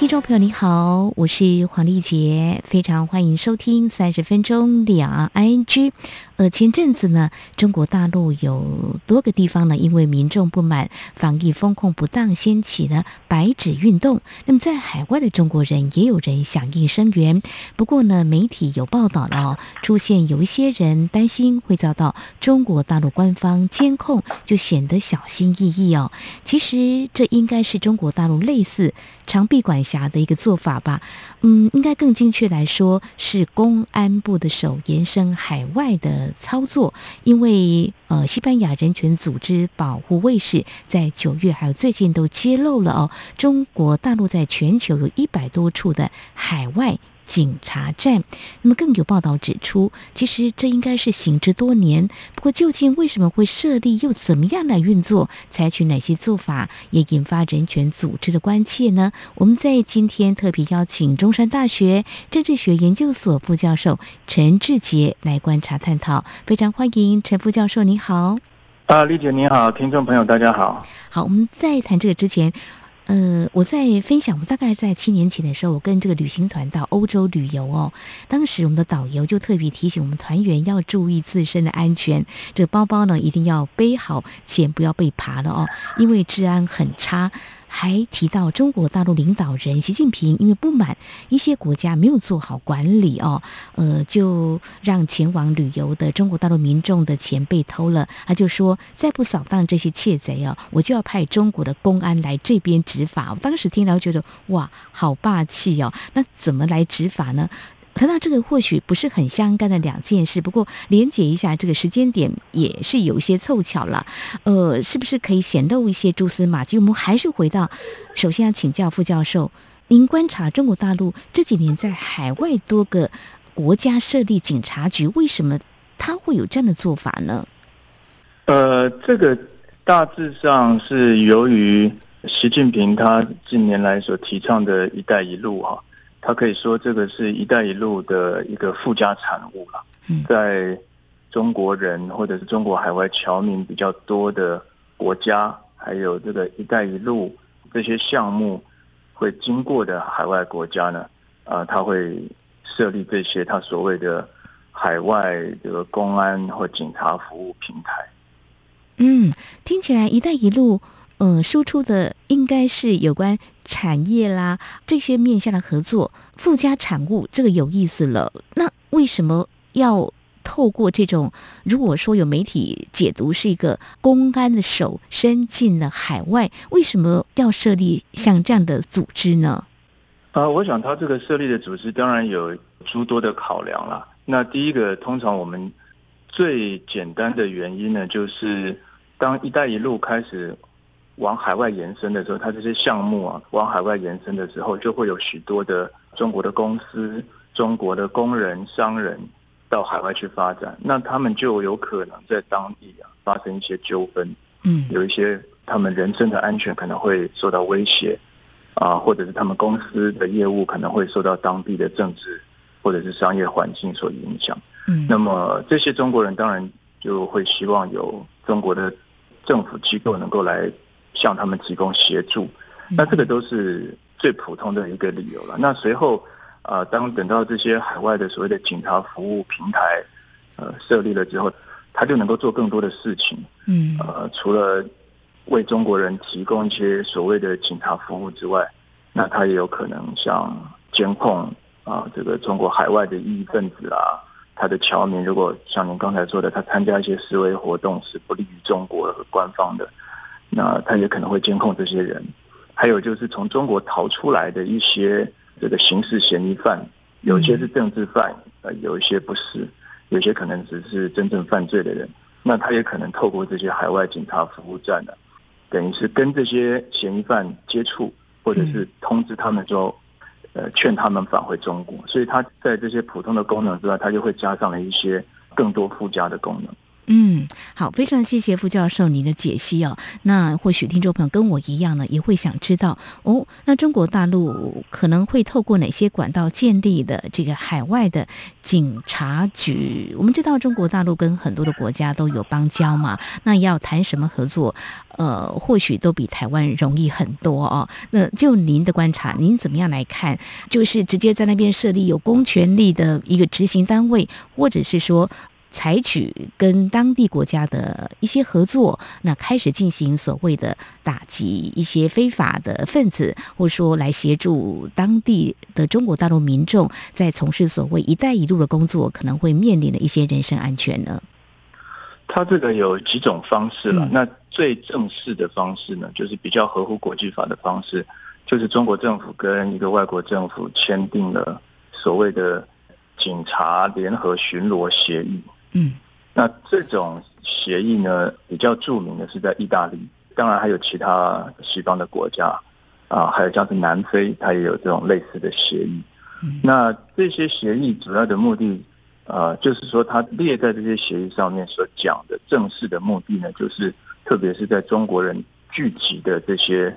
聽眾朋友你好，我是黃麗杰，非常歡迎收聽三十分鐘兩岸 ING。呃，前陣子呢，中國大陸有多個地方呢，因為民眾不滿防疫封控不當，掀起了白紙運動。那麼在海外的中國人也有人響應聲援。不過呢，媒體有報道了哦，出現有一些人擔心會遭到中國大陸官方監控，就顯得小心翼翼哦。其實這應該是中國大陸類似長臂管轄。俠的一個做法吧，嗯，應該更精確來說是公安部的手延伸海外的操作，因為呃，西班牙人權組織保護衛士在九月還有最近都揭露了哦，中國大陸在全球有一百多處的海外警察站，那麼更有報道指出，其實這應該是行之多年。不過，究竟為什麼會設立，又怎麼樣來運作，採取哪些做法，也引發人權組織的關切呢？我們在今天特別邀請中山大學政治學研究所副教授陳至潔來觀察探討。非常歡迎陳副教授，您好。啊，麗姐您好，聽眾朋友大家好。好，我們在談這個之前。呃，我在分享，我大概在七年前的時候，我跟這個旅行團到歐洲旅遊哦。當時我們的導遊就特別提醒我們團員要注意自身的安全，這個包包呢一定要背好，錢不要被扒了哦，因為治安很差。還提到中國大陸領導人習近平，因為不滿一些國家沒有做好管理哦，呃，就讓前往旅遊的中國大陸民眾的錢被偷了。他就說，再不掃蕩這些竊賊哦，我就要派中國的公安來這邊執法。我當時聽了覺得哇，好霸氣哦！那怎麼來執法呢？談到這個或許不是很相干的兩件事，不過連接一下這個時間點也是有一些湊巧了。呃，是不是可以顯露一些蛛絲馬跡？我們還是回到，首先要請教副教授，您觀察中國大陸這幾年在海外多個國家設立警察局，為什麼他會有這樣的做法呢？呃，這個大致上是由於習近平他近年來所提倡的一帶一路啊。他可以說，這個是一帶一路的一個附加產物了。嗯，在中國人或者是中國海外僑民比較多的國家，還有這個一帶一路這些項目會經過的海外國家呢，啊，他會設立這些他所謂的海外的公安或警察服務平台。嗯，聽起來一帶一路，嗯，呃，輸出的應該是有關。產業啦，這些面向的合作附加產物，這個有意思了。那為什麼要透過這種？如果說有媒體解讀是一個公安的手伸進了海外，為什麼要設立像這樣的組織呢？啊、呃，我想他這個設立的組織，當然有諸多的考量啦。那第一個，通常我們最簡單的原因呢，就是當“一帶一路”開始。往海外延伸的時候，他這些項目啊，往海外延伸的時候，就會有許多的中國的公司、中國的工人、商人到海外去發展。那他們就有可能在當地啊發生一些糾紛，嗯，有一些他們人身的安全可能會受到威脅，啊，或者是他們公司的業務可能會受到當地的政治或者是商業環境所影響。嗯，那麼這些中國人當然就會希望有中國的政府機構能夠來。向他們提供協助，那這個都是最普通的一個理由了。那隨後，呃，當等到這些海外的所謂的警察服務平台呃設立了之後，他就能夠做更多的事情。嗯，呃，除了為中國人提供一些所謂的警察服務之外，那他也有可能像監控啊、呃，這個中國海外的異議分子啊，他的僑民。如果像您剛才說的，他參加一些示威活動是不利於中國官方的。那他也可能會監控這些人，還有就是從中國逃出來的一些這個刑事嫌疑犯，有些是政治犯，呃，有一些不是，有些可能只是真正犯罪的人。那他也可能透過這些海外警察服務站的，等於是跟這些嫌疑犯接觸，或者是通知他們說，呃，勸他們返回中國。所以他在這些普通的功能之外，他就會加上了一些更多附加的功能。嗯，好，非常謝謝傅教授您的解析哦。那或許聽眾朋友跟我一樣呢，也會想知道哦。那中國大陸可能會透過哪些管道建立的這個海外的警察局？我們知道中國大陸跟很多的國家都有邦交嘛，那要談什麼合作？呃，或許都比台灣容易很多哦。那就您的觀察，您怎麼樣來看？就是直接在那邊設立有公權力的一個執行單位，或者是說？採取跟當地國家的一些合作，那開始進行所謂的打擊一些非法的分子，或說來協助當地的中國大陸民眾在從事所謂“一帶一路”的工作，可能會面臨的一些人身安全呢？他這個有幾種方式了、嗯，那最正式的方式呢，就是比較合乎國際法的方式，就是中國政府跟一個外國政府簽訂了所謂的警察聯合巡邏協議。嗯，那這種協議呢，比較著名的是在意大利，當然還有其他西方的國家，啊，還有像是南非，它也有這種類似的協議。那這些協議主要的目的，呃、啊，就是說它列在這些協議上面所講的正式的目的呢，就是特別是在中國人聚集的這些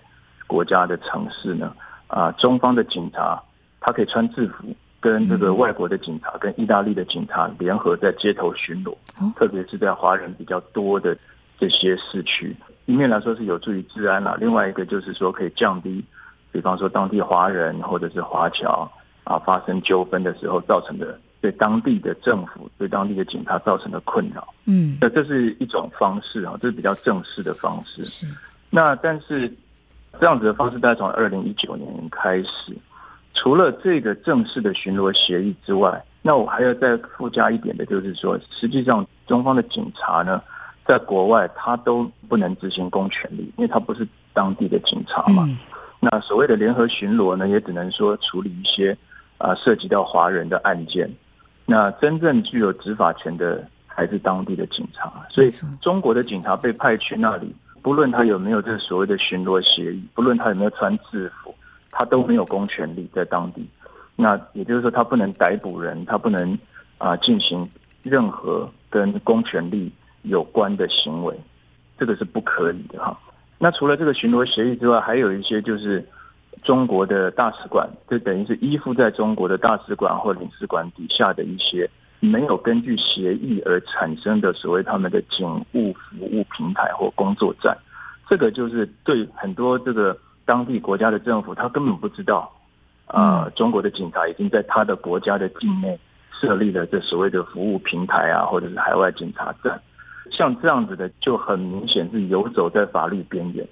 國家的城市呢，啊，中方的警察他可以穿制服。跟這個外國的警察，跟意大利的警察聯合在街頭巡邏。哦，特別是在華人比較多的這些市區，一面來說是有助於治安了，另外一個就是說可以降低，比方說當地華人或者是華僑啊發生糾紛的時候造成的對當地的政府，嗯，對當地的警察造成的困擾。嗯，那這是一種方式啊，這是比較正式的方式。是。那但是這樣子的方式，大概從二零一九年開始。除了這個正式的巡邏協議之外，那我還要再附加一點的，就是說，實際上中方的警察呢，在國外他都不能執行公權力，因為他不是當地的警察嘛。那所謂的聯合巡邏呢，也只能說處理一些啊、呃、涉及到華人的案件。那真正具有執法權的還是當地的警察。所以，中國的警察被派去那裡，不論他有沒有這所謂的巡邏協議，不論他有沒有穿制服。他都沒有公權力在當地，那也就是說，他不能逮捕人，他不能啊、呃、進行任何跟公權力有關的行為，這個是不可以的哈。那除了這個巡邏協議之外，還有一些就是中國的大使館，就等於是依附在中國的大使館或領事館底下的一些沒有根據協議而產生的所謂他們的警務服務平台或工作站，這個就是對很多這個。當地國家的政府，他根本不知道，啊、呃，中國的警察，已經在他的國家的境內設立了這所謂的服務平台啊，或者是海外警察站，像這樣子的，就很明顯是游走在法律邊緣。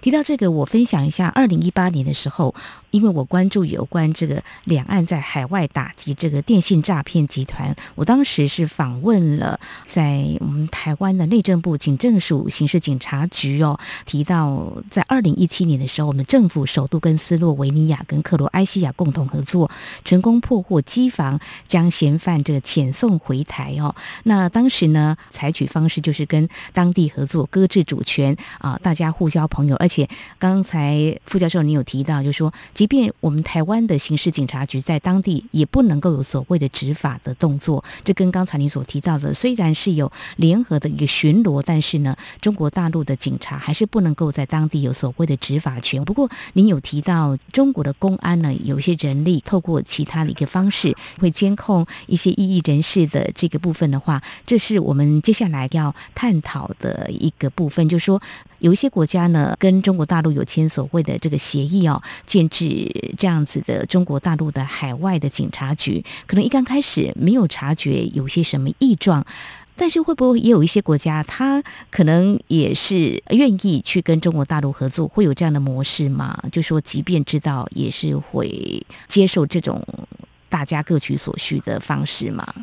提到這個，我分享一下，二零一八年的時候。因為我關注有關這個兩岸在海外打擊這個電信詐騙集團，我當時是訪問了在我們台灣的內政部警政署刑事警察局哦，提到在二零一七年的時候，我們政府首度跟斯洛維尼亞跟克羅埃西亞共同合作，成功破獲機房，將嫌犯這個遣送回台哦。那當時呢，採取方式就是跟當地合作，擱置主權啊、呃，大家互交朋友，而且剛才副教授您有提到，就是說。即便我們台灣的刑事警察局在當地也不能夠有所謂的執法的動作，這跟剛才您所提到的，雖然是有聯合的一個巡邏，但是呢，中國大陸的警察還是不能夠在當地有所謂的執法權。不過，您有提到中國的公安呢，有些人力透過其他的一個方式會監控一些異議人士的這個部分的話，這是我們接下來要探討的一個部分，就是說。有一些國家呢，跟中國大陸有簽所謂的這個協議哦，建置這樣子的中國大陸的海外的警察局，可能一剛開始沒有察覺有些什麼異狀，但是會不會也有一些國家，他可能也是願意去跟中國大陸合作，會有這樣的模式嗎？就說即便知道，也是會接受這種大家各取所需的方式嗎？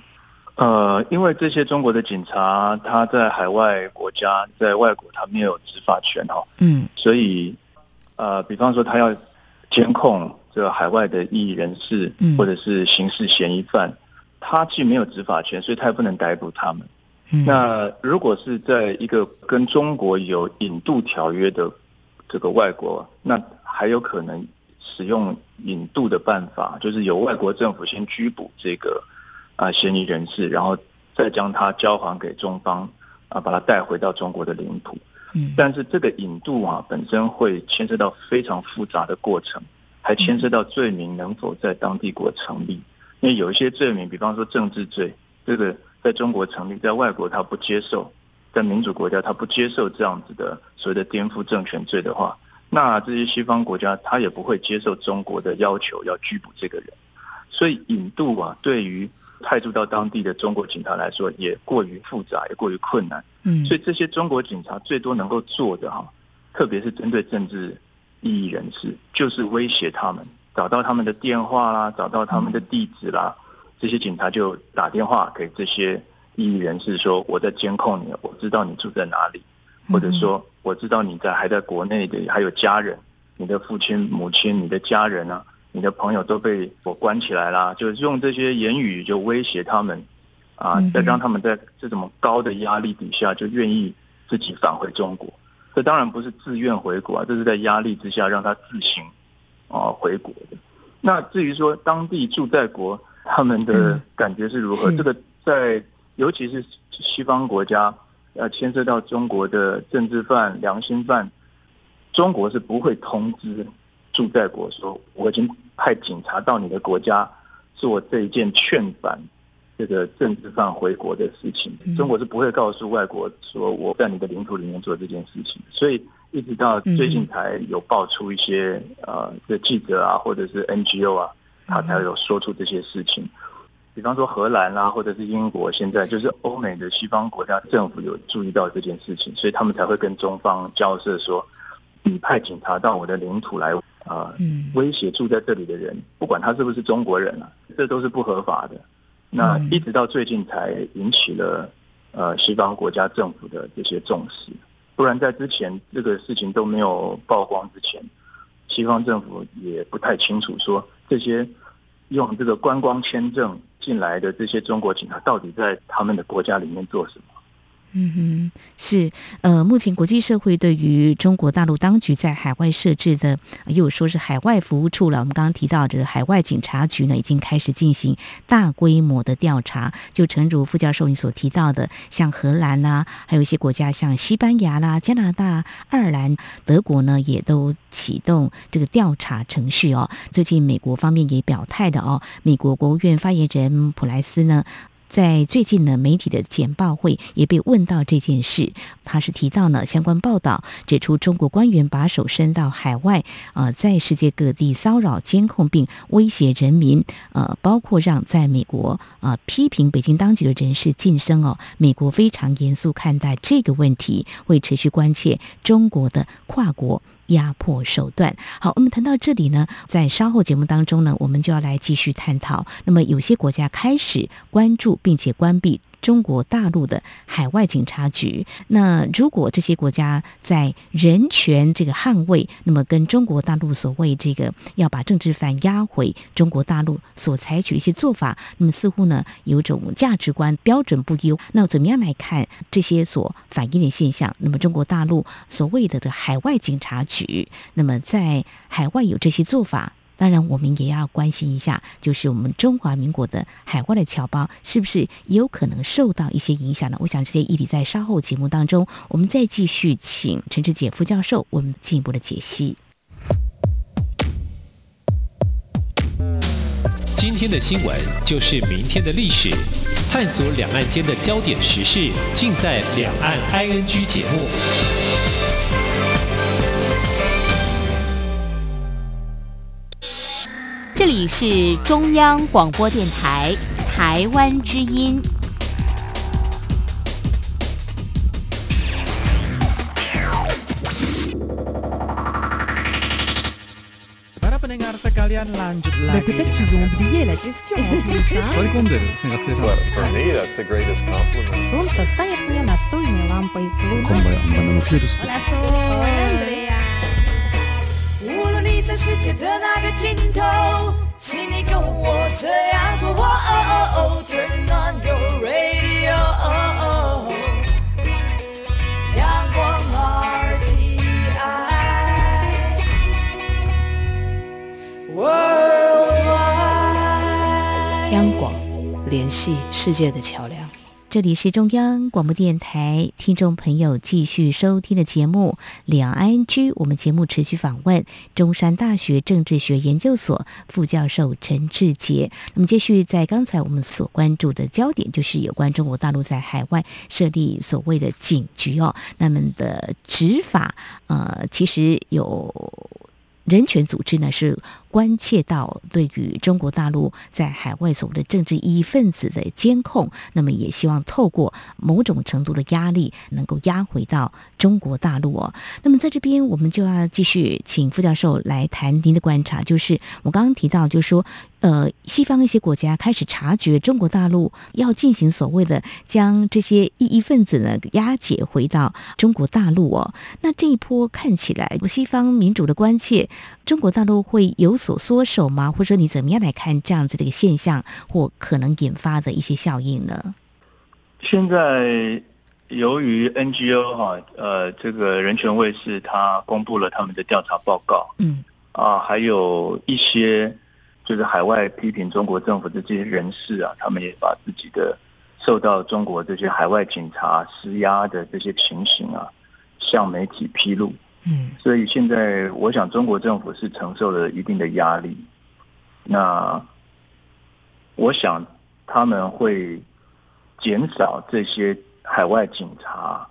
呃，因為這些中國的警察，他在海外國家，在外國他沒有執法權哈。嗯。所以，呃，比方說他要監控這個海外的異議人士，或者是刑事嫌疑犯，嗯、他既沒有執法權，所以他也不能逮捕他們，嗯。那如果是在一個跟中國有引渡條約的這個外國，那還有可能使用引渡的辦法，就是由外國政府先拘捕這個。啊，嫌疑人士，然後再將他交還給中方，啊，把他帶回到中國的領土。嗯，但是這個引渡啊，本身會牽涉到非常複雜的過程，還牽涉到罪名能否在當地國成立。因為有一些罪名，比方說政治罪，這個在中國成立，在外國他不接受，在民主國家他不接受這樣子的所謂的顛覆政權罪的話，那這些西方國家他也不會接受中國的要求要拘捕這個人。所以引渡啊，對於派駐到當地的中國警察來說，也過於複雜，也過於困難。嗯，所以這些中國警察最多能夠做的哈，特別是針對政治異議人士，就是威脅他們，找到他們的電話啦，找到他們的地址啦，這些警察就打電話給這些異議人士說：“我在監控你，我知道你住在哪裡，或者說我知道你在還在國內的還有家人，你的父親、母親、你的家人啊。”你的朋友都被我關起來啦，就是用這些言語就威脅他們，啊，再讓他們在這種高的壓力底下就願意自己返回中國。這當然不是自願回國啊，這是在壓力之下讓他自行啊回國的。那至於說當地駐在國他們的感覺是如何？嗯是，這個在尤其是西方國家，要牽涉到中國的政治犯、良心犯，中國是不會通知，住在國說，我已經派警察到你的國家，做這一件勸返這個政治犯回國的事情。中國是不會告訴外國說，我在你的領土裡面做這件事情。所以一直到最近才有爆出一些呃這記者啊，或者是 NGO 啊，他才有說出這些事情。比方說荷蘭啦、啊，或者是英國，現在就是歐美的西方國家政府有注意到這件事情，所以他們才會跟中方交涉說，你派警察到我的領土來。啊，威脅住在這裡的人，不管他是不是中國人啊，這都是不合法的。那一直到最近才引起了，呃，西方國家政府的這些重視。不然在之前這個事情都沒有曝光之前，西方政府也不太清楚說這些用這個觀光簽證進來的這些中國警察到底在他們的國家裡面做什麼。嗯哼，是呃，目前國際社會對於中國大陸當局在海外設置的，又說是海外服務處了。我們剛剛提到，這個海外警察局呢，已經開始進行大規模的調查。就誠如副教授你所提到的，像荷蘭啦、啊，還有一些國家，像西班牙啦、加拿大、愛爾蘭、德國呢，也都啟動這個調查程序哦。最近美國方面也表態的哦，美國國務院發言人普萊斯呢。在最近呢，媒體的簡報會也被問到這件事，他是提到了相關報道指出，中國官員把手伸到海外，啊、呃，在世界各地騷擾、監控並威脅人民，呃，包括讓在美國啊、呃、批評北京當局的人士噤聲哦。美國非常嚴肅看待這個問題，會持續關切中國的跨國。壓迫手段。好，我們談到這裡呢，在稍後節目當中呢，我們就要來繼續探討。那麼，有些國家開始關注並且關閉。中國大陸的海外警察局，那如果這些國家在人權這個捍衛，那麼跟中國大陸所謂這個要把政治犯押回中國大陸所採取一些做法，那麼似乎呢有種價值觀標準不一。那怎麼樣來看這些所反映的現象？那麼中國大陸所謂的的海外警察局，那麼在海外有這些做法。當然，我們也要關心一下，就是我們中華民國的海外的僑胞，是不是也有可能受到一些影響呢？我想這些議題在稍後節目當中，我們再繼續請陳至潔副教授為我們進一步的解析。今天的新聞就是明天的歷史，探索兩岸間的焦點時事，盡在《兩岸 ING》節目。這裡是中央廣播電台《台灣之音》。大家好，我是主持人李思思。世界的那個盡頭，請你跟我這樣做。我哦哦哦，Turn on your radio、oh,。Oh, oh, oh, 陽光 RTI，Worldwide，央廣聯繫世界的橋梁。這裡是中央廣播電臺，聽眾朋友，繼續收聽的節目《兩岸 ING》，我們節目持續訪問中山大學政治學研究所副教授陳至潔。那麼，繼續在剛才我們所關注的焦點，就是有關中國大陸在海外設立所謂的警局哦，那麼的執法，呃，其實有人權組織呢是。關切到對於中國大陸在海外所謂的政治異議分子的監控，那麼也希望透過某種程度的壓力，能夠壓回到中國大陸哦。那麼在這邊，我們就要繼續請副教授來談您的觀察，就是我剛剛提到，就是說，呃，西方一些國家開始察覺中國大陸要進行所謂的將這些異議分子呢押解回到中國大陸哦。那這一波看起來，西方民主的關切，中國大陸會有所。所縮手嗎？或者你怎麼樣來看這樣子的一個現象或可能引發的一些效應呢？現在由於 NGO 哈、啊、呃，這個人權衛士他公布了他們的調查報告，嗯啊還有一些就是海外批評中國政府的這些人士啊，他們也把自己的受到中國這些海外警察施壓的這些情形啊，向媒體披露。嗯，所以現在我想，中國政府是承受了一定的壓力。那我想他們會減少這些海外警察，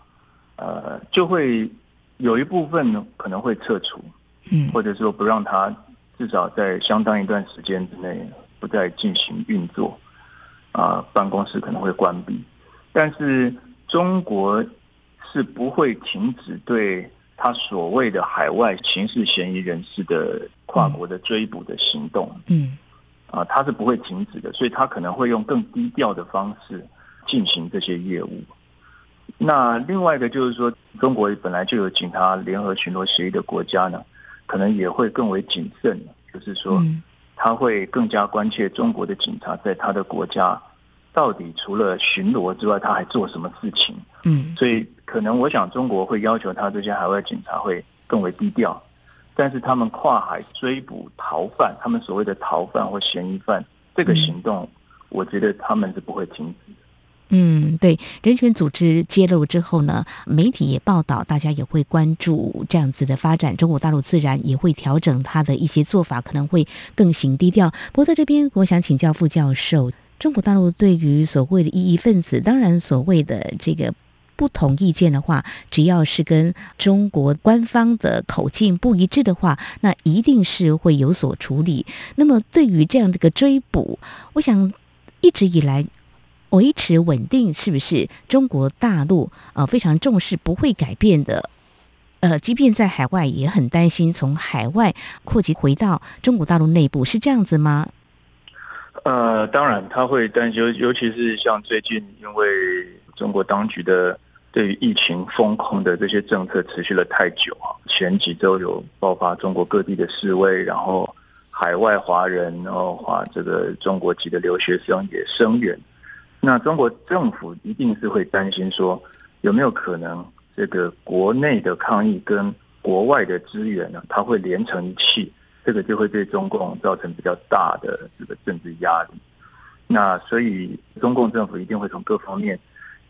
呃，就會有一部分呢可能會撤除，嗯，或者說不讓他至少在相當一段時間之內不再進行運作，啊、呃，辦公室可能會關閉。但是中國是不會停止對。他所謂的海外刑事嫌疑人士的跨國的追捕的行動，嗯，啊，他是不會停止的，所以他可能會用更低調的方式進行這些業務。那另外一個就是說，中國本來就有警察聯合巡邏協議的國家呢，可能也會更為謹慎，就是說他會更加關切中國的警察在他的國家到底除了巡邏之外，他還做什麼事情？嗯，所以。可能我想，中國會要求他這些海外警察會更為低調，但是他們跨海追捕逃犯，他們所謂的逃犯或嫌疑犯，這個行動，我覺得他們是不會停止的。嗯，對，人權組織揭露之後呢，媒體也報道，大家也會關注這樣子的發展。中國大陸自然也會調整他的一些做法，可能會更行低調。不過在這邊，我想請教副教授，中國大陸對於所謂的異議分子，當然所謂的這個。不同意見的話，只要是跟中國官方的口徑不一致的話，那一定是會有所處理。那麼對於這樣的一個追捕，我想一直以來維持穩定，是不是中國大陸啊、呃、非常重視，不會改變的？呃，即便在海外也很擔心，從海外擴及回到中國大陸內部是這樣子嗎？呃，當然他會擔心，尤其是像最近因為中國當局的。對於疫情封控的這些政策持續了太久啊，前幾週有爆發中國各地的示威，然後海外華人，然後華這個中國籍的留學生也聲援，那中國政府一定是會擔心說，有沒有可能這個國內的抗議跟國外的資源，呢？它會連成一氣，這個就會對中共造成比較大的這個政治壓力。那所以中共政府一定會從各方面。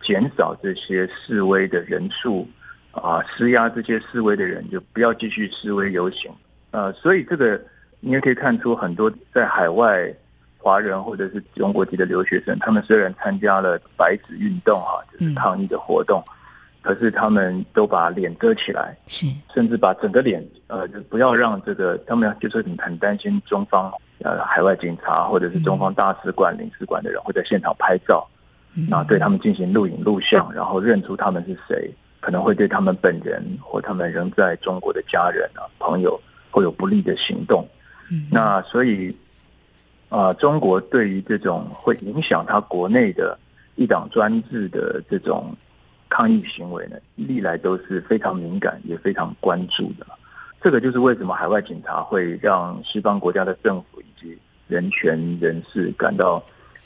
減少這些示威的人數，啊，施壓這些示威的人就不要繼續示威遊行，呃，所以這個你也可以看出，很多在海外華人或者是中國籍的留學生，他們雖然參加了白紙運動哈、啊，就是抗議的活動、嗯，可是他們都把臉遮起來，是，甚至把整個臉，呃，就不要讓這個他們就是很擔心中方，呃，海外警察或者是中方大使館、嗯、領事館的人會在現場拍照。那對他們進行錄影錄像，然後認出他們是誰，可能會對他們本人或他們仍在中國的家人啊朋友會有不利的行動。那所以，啊、呃，中國對於這種會影響他國內的一黨專制的這種抗議行為呢，歷來都是非常敏感也非常關注的。這個就是為什麼海外警察會讓西方國家的政府以及人權人士感到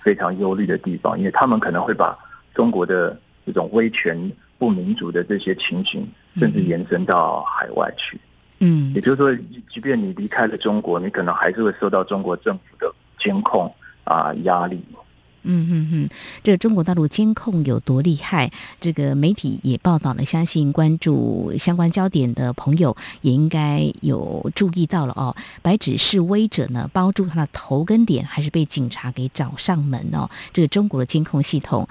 非常憂慮的地方，因為他們可能會把中國的這種威權、不民主的這些情形，甚至延伸到海外去。嗯，也就是說，即便你離開了中國，你可能還是會受到中國政府的監控啊、呃、壓力。嗯嗯嗯，這個中國大陸監控有多厲害？這個媒體也報道了，相信關注相關焦點的朋友也應該有注意到了哦。白紙示威者呢，包住他的頭跟臉，還是被警察給找上門哦。這個中國的監控系統。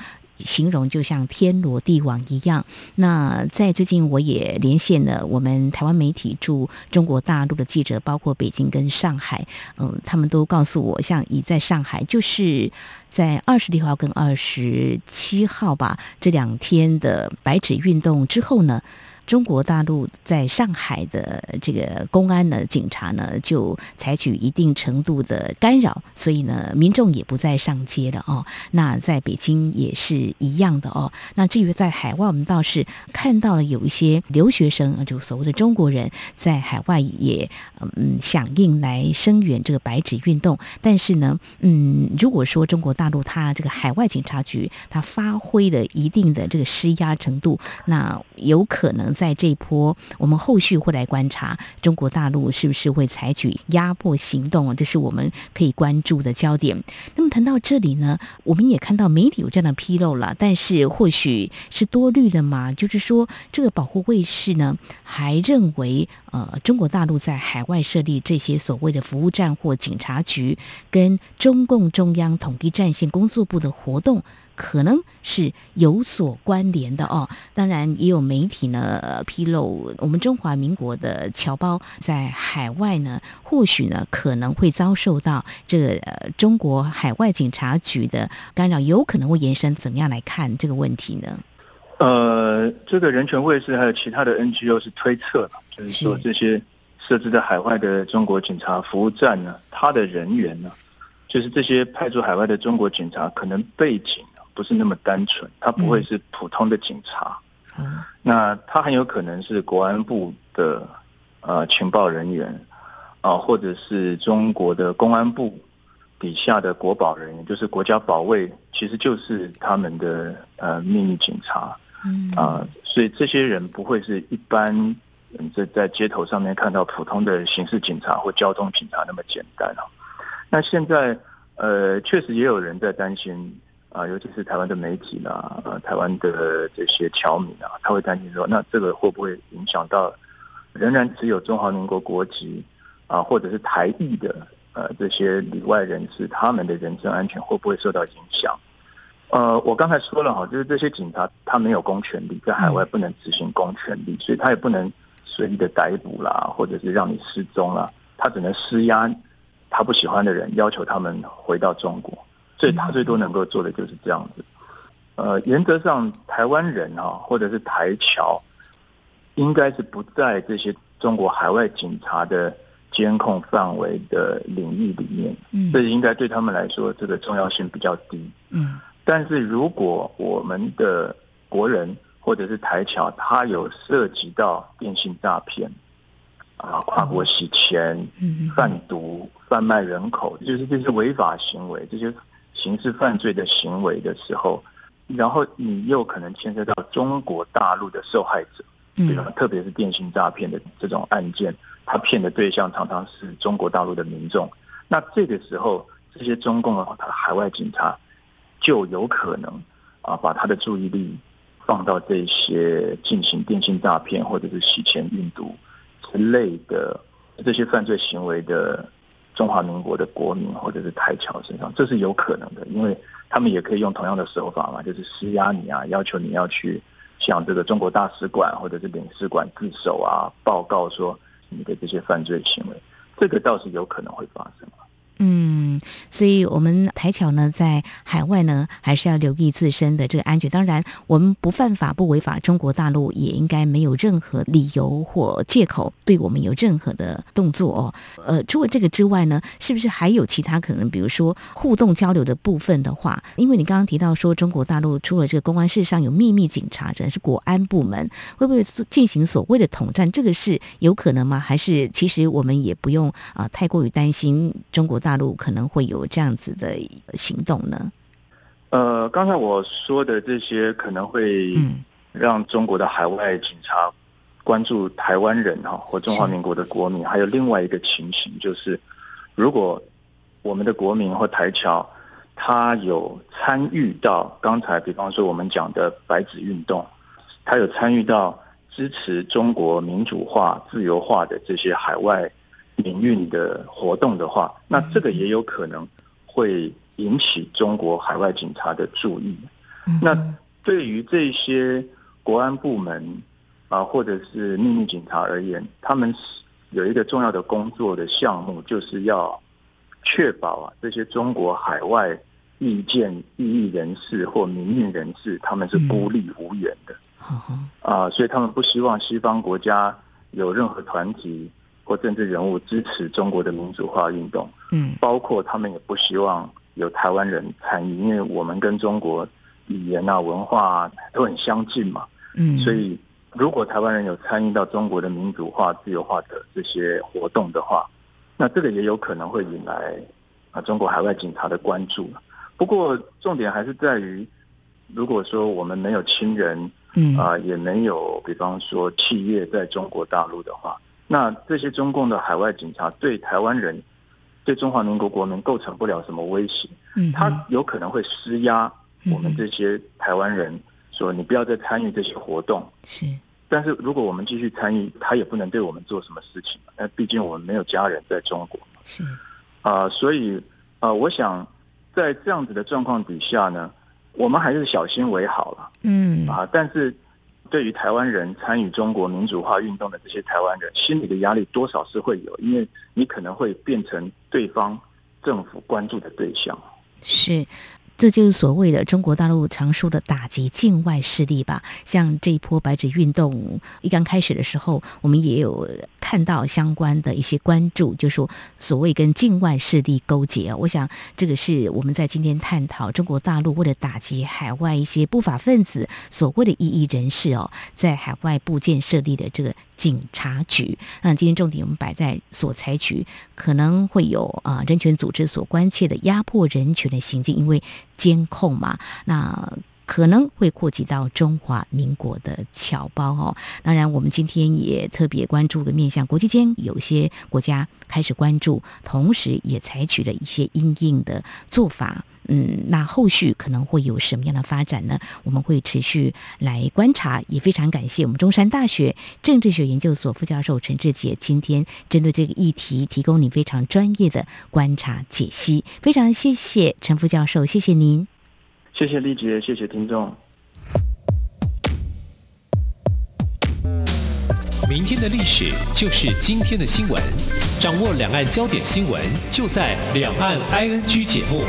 形容，就像天羅地網一樣。那在最近，我也連線了我們台灣媒體駐中國大陸的記者，包括北京跟上海。嗯，他們都告訴我，像已在上海，就是在二十六號跟二十七號吧，這兩天的白紙運動之後呢。中國大陸在上海的這個公安的警察呢，就採取一定程度的干擾，所以呢，民眾也不再上街了哦。那在北京也是一樣的哦。那至於在海外，我們倒是看到了有一些留學生，就所謂的中國人在海外也嗯響應來聲援這個白紙運動。但是呢，嗯，如果說中國大陸它這個海外警察局它發揮了一定的這個施壓程度，那有可能。在這一波，我們後續會來觀察中國大陸是不是會採取壓迫行動啊？這是我們可以關注的焦點。那麼談到這裡呢，我們也看到媒體有這樣的披露了，但是或許是多慮了嘛？就是說，這個保護衛士呢，還認為呃，中國大陸在海外設立這些所謂的服務站或警察局，跟中共中央統一戰線工作部的活動。可能是有所關聯的哦。當然，也有媒體呢披露，我們中華民國的僑胞在海外呢，或許呢可能會遭受到這個中國海外警察局的干擾，有可能會延伸。怎麼樣來看這個問題呢？呃，這個人權衛士還有其他的 NGO 是推測，就是說這些設置在海外的中國警察服務站呢，它的人員呢，就是這些派駐海外的中國警察，可能背景。不是那麼單純，他不會是普通的警察。嗯，那他很有可能是國安部的呃情報人員，啊，或者是中國的公安部底下的國保人員，就是國家保衛，其實就是他們的呃秘密警察。啊嗯啊，所以這些人不會是一般在，嗯，在街頭上面看到普通的刑事警察或交通警察那麼簡單啊。那現在呃，確實也有人在擔心。啊，尤其是台灣的媒體呢，呃，台灣的這些僑民啊，他會擔心說，那這個會不會影響到仍然只有中華民國國籍啊，或者是台裔的呃這些裡外人士，他們的人身安全會不會受到影響？呃，我剛才說了哈，就是這些警察他沒有公權力，在海外不能執行公權力，嗯，所以他也不能隨意的逮捕啦，或者是讓你失蹤啦，他只能施壓他不喜歡的人，要求他們回到中國。所以，他最多能夠做的就是這樣子。呃，原則上，台灣人啊，或者是台僑，應該是不在這些中國海外警察的監控範圍的領域裡面。嗯，這應該對他們來說，這個重要性比較低。嗯，但是如果我們的國人或者是台僑，他有涉及到電信詐騙、啊，跨國洗錢、嗯，販毒、販賣人口，就是這些違法行為，這些。刑事犯罪的行為的時候，然後你又可能牽涉到中國大陸的受害者，嗯，特別是電信詐騙的這種案件，他騙的對象常常是中國大陸的民眾。那這個時候，這些中共的海外警察就有可能啊，把他的注意力放到這些進行電信詐騙或者是洗錢、運毒之類的這些犯罪行為的中華民國的國民或者是台僑身上，這是有可能的，因為他們也可以用同樣的手法嘛，就是施壓你啊，要求你要去向這個中國大使館或者是領事館自首啊，報告說你的這些犯罪行為，這個倒是有可能會發生。嗯，所以，我們台僑呢，在海外呢，還是要留意自身的這個安全。當然，我們不犯法、不違法，中國大陸也應該沒有任何理由或借口對我們有任何的動作哦。呃，除了這個之外呢，是不是還有其他可能？比如說，互動交流的部分的話，因為你剛剛提到說，中國大陸除了這個公安事上有秘密警察人，這是國安部門，會不會進行所謂的統戰？這個是有可能嗎？還是其實我們也不用啊、呃，太過於擔心中國。大陸可能會有這樣子的行動呢？呃，剛才我說的這些可能會讓中國的海外警察關注台灣人哈，或中華民國的國民。還有另外一個情形，就是如果我們的國民或台僑他有參與到剛才比方說我們講的白紙運動，他有參與到支持中國民主化、自由化的這些海外。民運的活動的話，那這個也有可能會引起中國海外警察的注意。那對於這些國安部門啊，或者是秘密警察而言，他們有一個重要的工作的項目，就是要確保啊這些中國海外異見異議人士或民運人士他們是孤立無援的啊，所以他們不希望西方國家有任何團體。或政治人物支持中國的民主化運動，嗯，包括他們也不希望有台灣人參與，因為我們跟中國語言啊、文化、啊、都很相近嘛，嗯，所以如果台灣人有參與到中國的民主化、自由化的這些活動的話，那這個也有可能會引來啊中國海外警察的關注。不過重點還是在於，如果說我們沒有親人，嗯、呃、啊，也沒有，比方說企業在中國大陸的話。那這些中共的海外警察對台灣人，對中華民國國民構成不了什麼威脅。嗯，他有可能會施壓我們這些台灣人，說你不要再參與這些活動。是，但是如果我們繼續參與，他也不能對我們做什麼事情。那畢竟我們沒有家人在中國。是，啊、呃，所以啊、呃，我想在這樣子的狀況底下呢，我們還是小心為好了。嗯，啊，但是。對於台灣人參與中國民主化運動的這些台灣人，心裡的壓力多少是會有，因為你可能會變成對方政府關注的對象。是。這就是所謂的中國大陸常說的打擊境外勢力吧。像這一波白紙運動一剛開始的時候，我們也有看到相關的一些關注，就是、說所謂跟境外勢力勾結。我想這個是我們在今天探討中國大陸為了打擊海外一些不法分子、所謂的異議人士哦，在海外布建設立的這個。警察局，那、嗯、今天重點我們擺在所採取可能會有啊、呃、人權組織所關切的壓迫人權的行徑，因為監控嘛，那。可能會擴及到中華民國的僑胞哦。當然，我們今天也特別關注了面向國際間，有些國家開始關注，同時也採取了一些因應的做法。嗯，那後續可能會有什麼樣的發展呢？我們會持續來觀察。也非常感謝我們中山大學政治學研究所副教授陳至潔今天針對這個議題提供你非常專業的觀察解析。非常謝謝陳副教授，謝謝您。謝謝麗傑，謝謝聽眾。明天的歷史就是今天的新聞，掌握兩岸焦點新聞就在《兩岸 ING》節目。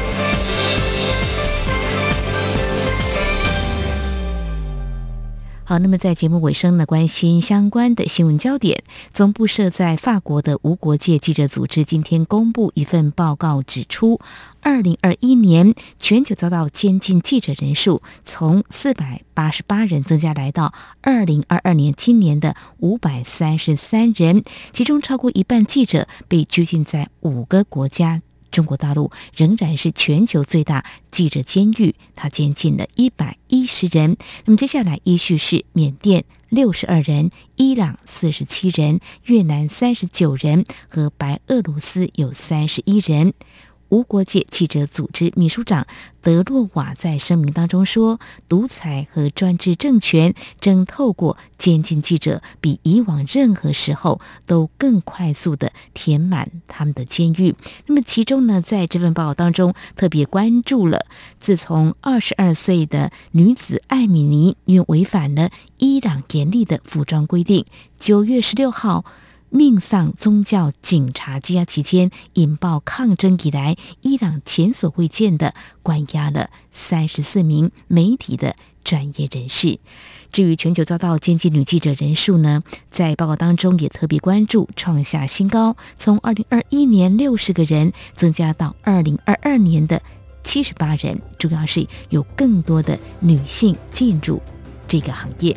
好，那麼在節目尾聲呢，關心相關的新聞焦點，總部設在法國的無國界記者組織今天公布一份報告，指出，二零二一年全球遭到監禁記者人數從四百八十八人增加來到二零二二年今年的五百三十三人，其中超過一半記者被拘禁在五個國家。中國大陸仍然是全球最大記者監獄，它監禁了一百一十人。那麼接下來依序是緬甸六十二人、伊朗四十七人、越南三十九人和白俄羅斯有三十一人。無國界記者組織秘書長德洛瓦在聲明當中說：“獨裁和專制政權正透過監禁記者，比以往任何時候都更快速地填滿他們的監獄。”那麼，其中呢，在這份報告當中特別關注了，自從二十二歲的女子艾米尼因違反了伊朗嚴厲的服裝規定，九月十六號。命喪宗教警察羈押期間，引爆抗爭以來，伊朗前所未見的關押了三十四名媒體的專業人士。至於全球遭到監禁女記者人數呢，在報告當中也特別關注，創下新高，從二零二一年六十個人增加到二零二二年的七十八人，主要是有更多的女性進入這個行業。